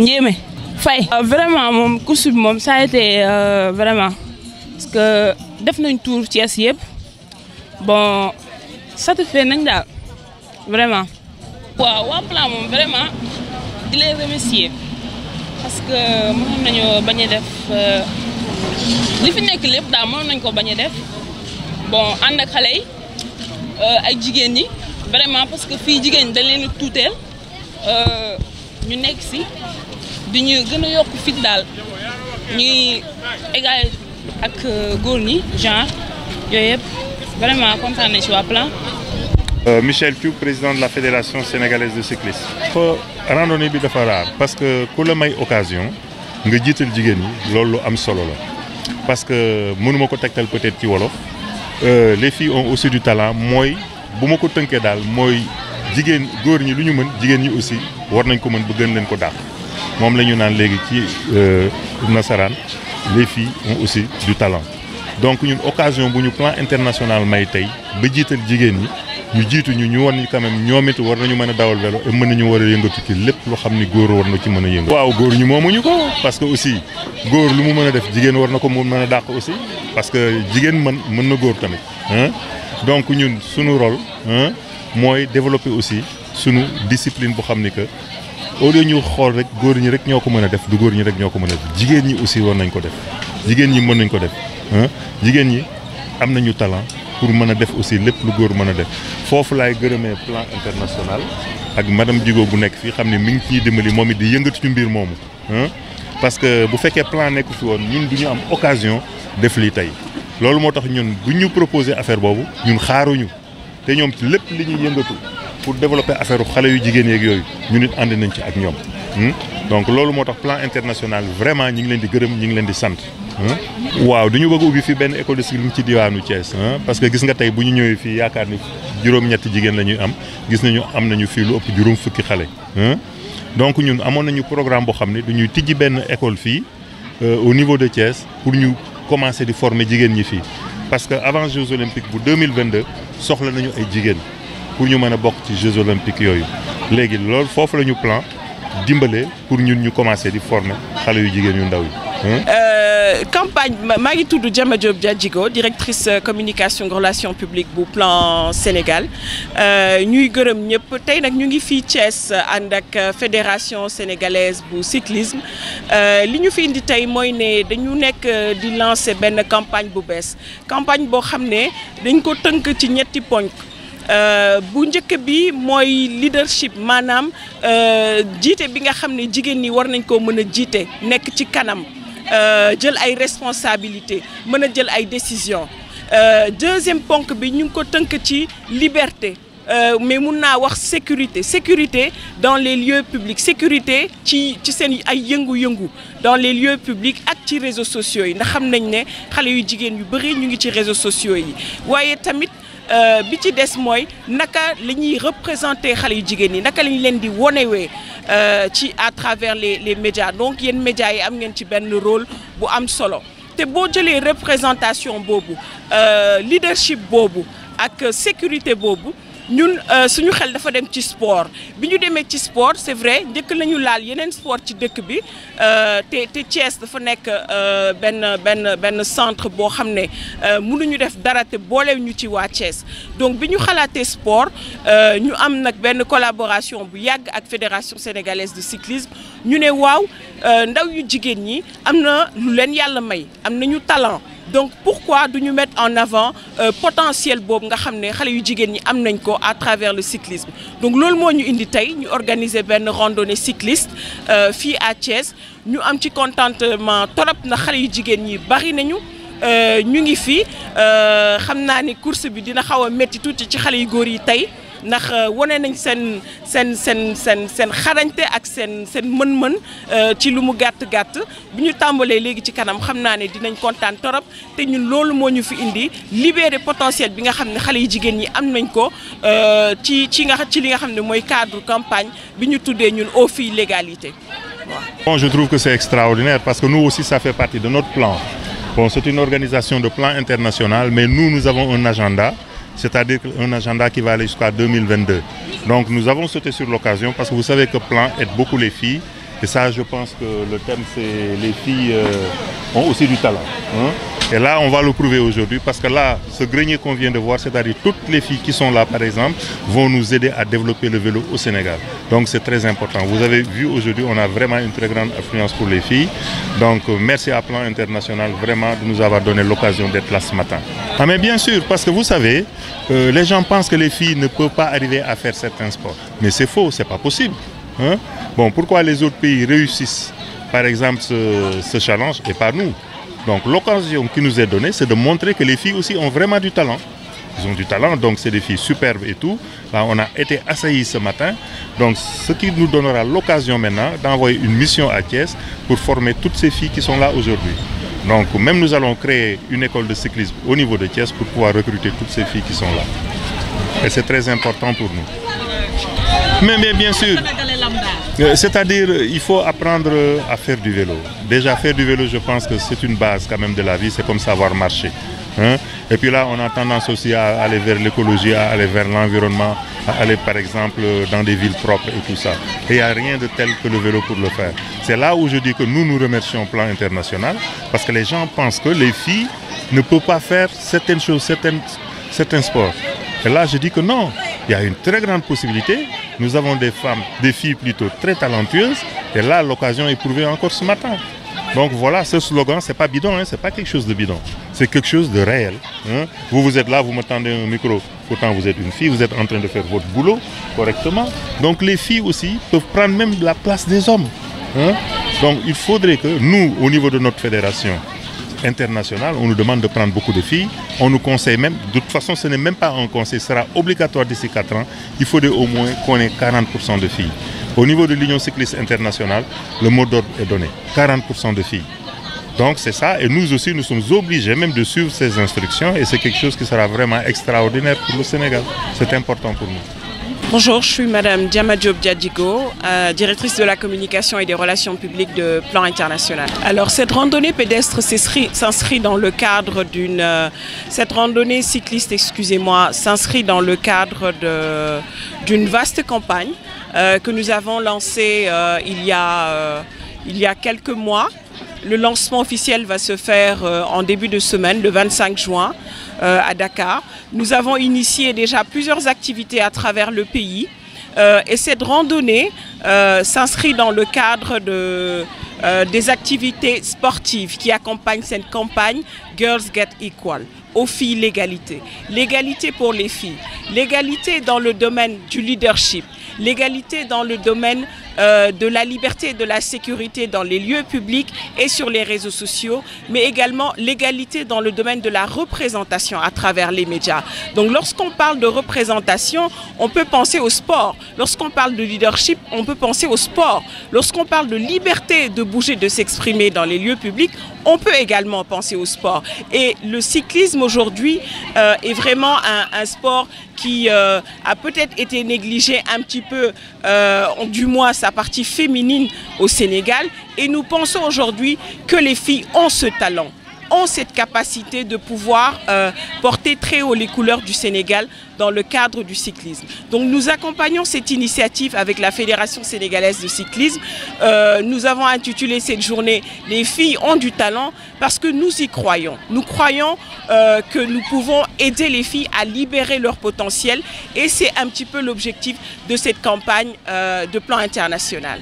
Ndiémé Faye. Euh, vraiment moom course bi moom ça a euh, vraiment parce que def nañ tour Thiès yëpp bon satisfait nañ daal vraiment. waaw waa plan moom vraiment di leen remercier parce que mënoon nañoo bañ a def euh, li fi nekk lépp daal mënoon nañ ko bañ a def bon ànd ak xale yi ak jigéen ñi vraiment parce que fii jigéen ñi dañ leen tuuteel ñu nekk si. di ñu gën yokk fit daal ñuy égal ak euh, góor ñi genre yooyu yëpp vraiment kontaan ci waa Plan. Euh, Michel Thiou président de la fédération sénégalaise de cyclisme. fa randonnée bi dafa raar parce que ku la may occasion nga jiital jigéen ñi loolu lu am solo la parce que mënuma ko tegtal peut-être ci wolof euh, les filles aussi du talent mooy bu ma ko tënkee daal mooy jigéen góor ñi lu ñu mën jigéen ñi aussi war nañ ko mën ba gën leen ko daal moom la ñu naan léegi ci euh, nasaraan les filles aussi du talent donc ñun occasion bu ñu plan international may tey ba jiital jigéen ñi ñu jiitu ñu ñu war ni quand même ñoom war nañu mën a dawal vélo et mën nañu war a yëngatu ci lépp loo xam ni góor war na ci mën a yëngatu. waaw góor ñu moomuñu ko parce que aussi góor lu mu mën a def jigéen war na ko mu mën a dàq aussi parce que jigéen mën mën na góor tamit. donc ñun suñu rôle mooy développer aussi sunu discipline bu xam ni que au lieu ñu xool rek góor ñi rek ñoo ko mën a def du góor ñi rek ñoo ko mën a def jigéen ñi aussi war nañ ko def jigéen ñi mën nañ ko def jigéen ñi am nañu talant pour mën a def aussi lépp lu góor mën a def foofu laay gërëmee plan international ak madame jigo bu nekk fii xam ne mi ngi ciy dimbali moom it di yëngatu ci mbir moomu. parce que bu fekkee plan nekku fi woon ñun du ñu am occasion def lii tey loolu moo tax ñun bu ñu proposé affaire boobu ñun xaaruñu te ñoom ci lépp li ñuy yëngatu. pour développer affaire xale yu jigéen yeeg yooyu ñu nit ànd nañ ci ak ñoom hmm? donc loolu moo tax plan international vraiment ñi ngi leen di gërëm ñi ngi leen di sant hmm? waaw du ñu bëgg ubbi fi benn école de cyclisme ci diwaanu Thiès parce que gis nga tey bu ñu ñëwee fii yaakaar ni juróom-ñetti jigéen la ñuy am gis nañu am nañu fii lu ëpp juróom fukki xale donc ñun amoon nañu programme boo xam ne du ñuy tijji benn école fii euh, au niveau de Thiès pour ñu commencer di former jigéen ñi fii parce que avant Jeux olympiques bu 2022 soxla nañu ay jigéen pour ñu mën bokk ci Jeux olympiques yooyu léegi loolu foofu la ñu plan dimbale pour ñun ñu commencé di former xale yu jigéen yu ndaw yi. Euh, campagne maa ngi tudd Diama Diop directrice euh, communication relations publiques bu plan Sénégal euh, ñuy gërëm ñëpp tey nag ñu ngi fii Thiès ànd ak fédération sénégalaise bu cyclisme li ñu fi indi tey mooy ne dañu nekk di lancer benn campagne bu bees campagne boo xam ne dañ ko tënk ci ñetti ponk. Euh, bu njëkk bi mooy leadership maanaam euh, jiite bi nga xam ne jigéen ñi war nañ koo mën a jiite nekk ci kanam euh, jël ay responsabilité mën a jël ay décision deuxième ponk bi ñu ngi ko tënk ci liberté mais mun naa wax sécurité sécurité dans les lieux publics sécurité ci ci seen ay yëngu-yëngu dans les lieux publics ak ci réseaux sociaux yi ndax xam nañ ne xale yu jigéen yu bëri ñu ngi ci réseaux sociaux yi waaye tamit Euh, bi ci des mooy naka la ñuy représenter xale yu jigéen ñi naka la leen di wonewee euh, ci à travers les les médias donc yéen médias yi am ngeen ci benn rôle bu am solo te boo jëlee représentation boobu euh, leadership boobu ak sécurité boobu ñun euh, suñu xel dafa dem ci sport bi ñu demee ci sport c'est vrai njëkk nañu laal yeneen sport ci dëkk bi euh, te te dafa nekk euh, benn benn benn centre boo xam ne mënuñu def dara te boolew ñu ci waa Thiès donc bi ñu xalaatee sport ñu am nag benn collaboration bu yàgg ak fédération sénégalaise de cyclisme ñu ne waaw ndaw yu jigéen ñi am na lu leen yàlla may am nañu talent donc pourquoi du ñu mettre en avant euh, potentiel boobu nga xam ne xale yu jigéen ñi am nañ ko à travers le cyclisme donc loolu moo ñu indi tey ñu organiser benn randonnée cycliste euh, fii à Thiès ñu am ci contentement torop na xale yu jigéen ñi bari nañu euh, ñu ngi fi xam naa ni course bi dina xaw a métti tuuti ci xale yu góor yi tey ndax euh, wane nañ seen seen seen seen seen xarañte ak seen seen mën-mën euh, ci lu mu gàtt gàtt bu ñu tàmbalee léegi ci kanam xam naa ne dinañ kontaan torop te ñun loolu moo ñu fi indi libérer potentiel bi nga xam ne xale yi jigéen ñi am nañ ko euh, ci ci nga ci li nga xam ne mooy cadre campagne bi ñu tuddee ñun Aux filles l'égalité Bon, je trouve que c'est extraordinaire parce que nous aussi, ça fait partie de notre plan. Bon, c'est une organisation de plan international, mais nous, nous avons un agenda c'est-à-dire un agenda qui va aller jusqu'à 2022. Donc nous avons sauté parce que vous savez que Plan aide beaucoup les filles. pense que le thème, c'est les filles euh, aussi du talent. Et là, on va le prouver aujourd'hui parce que là, ce grenier qu'on vient de voir, c'est-à-dire toutes les filles qui sont là, par exemple, vont nous aider à développer le vélo au Sénégal. Donc c'est très important. Vous avez vu on a vraiment une très grande affluence pour les filles. Donc merci à Plan International vraiment de nous avoir donné l'occasion d'être là ce matin. Ah mais bien sûr, parce que vous savez, euh, les gens pensent que les filles ne peuvent pas arriver à faire certains sports. Mais c'est faux, c'est par Donc l'occasion qui nous est donnée, c'est de montrer que les filles aussi ont vraiment du talent. Ils ont du talent, donc c'est des filles superbes et tout. Là, on a été assaillis ce matin. Donc, ce qui nous donnera l'occasion maintenant d'envoyer une mission à Thiès pour former toutes ces filles qui sont là aujourd'hui. Donc, même nous allons créer une école de cyclisme au niveau de Thiès pour pouvoir recruter toutes ces filles qui sont là. Et c'est très pour nous. Euh, c'est-à-dire, euh, il faut apprendre euh, à faire du vélo. Déjà, faire du vélo, je pense que c'est une base quand même de la vie, c'est comme savoir marcher. Hein? Et puis là, on a tendance aussi à aller vers l'écologie, à aller vers l'environnement, à aller par exemple dans des villes propres et tout ça. Et il n'y a rien de tel que le vélo pour le faire. C'est là où je dis que nous nous remercions au plan international, parce que les gens pensent que les filles ne peuvent pas faire certaines choses, certaines, certains sports. Et là, je dis que non, il y a une très grande possibilité. Nous avons des femmes, des filles plutôt très talentueuses. Et là, l'occasion est prouvée encore ce matin. Donc voilà, ce slogan, c'est pas bidon, hein, c'est pas quelque chose de bidon. C'est quelque chose de réel. Hein. Vous, vous êtes là, vous me tendez un micro. Pourtant, vous êtes une fille, vous êtes en train de faire votre boulot correctement. Donc les filles aussi peuvent prendre même la place des hommes. Hein. Donc il faudrait que nous, au niveau de notre fédération, internationale, on nous demande de prendre beaucoup de filles. On nous conseille même, de toute façon, ce n'est même pas un conseil, ce sera obligatoire d'ici 4 ans. Il faudrait au moins qu'on ait 40% de filles. Au niveau de l'Union cycliste internationale, le mot d'ordre est donné de filles. Donc c'est ça, et nous aussi, nous sommes obligés même de suivre ces instructions, et c'est quelque chose qui sera vraiment extraordinaire pour le Sénégal. C'est important Bonjour, je suis Madame Diama Diadigo, euh, directrice de la communication et des relations publiques de Plan International. Alors cette randonnée pédestre s'inscrit dans le cadre d'une... Euh, cette randonnée cycliste, excusez le cadre d'une vaste campagne euh, que nous avons lancée euh, il y a euh, il y a mois. Le lancement officiel va se faire euh, en début de semaine, le 25 juin, euh, à Dakar. Nous avons initié déjà plusieurs activités à travers le pays. Euh, et cette randonnée s'inscrit dans le cadre de, des activités sportives qui accompagnent cette campagne Girls Get Equal aux l'égalité. L'égalité pour les filles. L'égalité dans le domaine du leadership, l'égalité dans le domaine euh, de la liberté de la sécurité dans les lieux publics et sur les réseaux sociaux, mais également l'égalité dans le domaine de la représentation à travers les médias. Donc lorsqu'on parle de représentation, on peut penser au sport. Lorsqu'on parle de leadership, au sport. Lorsqu'on parle de liberté de bouger, de s'exprimer dans les lieux publics, on peut également penser au sport. Et le cyclisme aujourd'hui euh, est vraiment un, un sport qui euh, a peut-être été négligée un petit peu, euh, du moins sa partie féminine au Sénégal. Et nous pensons aujourd'hui que les filles ont ce talent. ont cette capacité de pouvoir euh, porter très haut les couleurs du Sénégal dans le cadre du cyclisme. Donc nous accompagnons cette initiative avec la Fédération sénégalaise de cyclisme. Euh, nous avons intitulé cette journée « Les filles ont du talent » parce que nous y croyons. Nous croyons euh, que nous pouvons aider les filles à libérer leur potentiel et c'est un petit peu l'objectif de cette campagne euh, de plan international.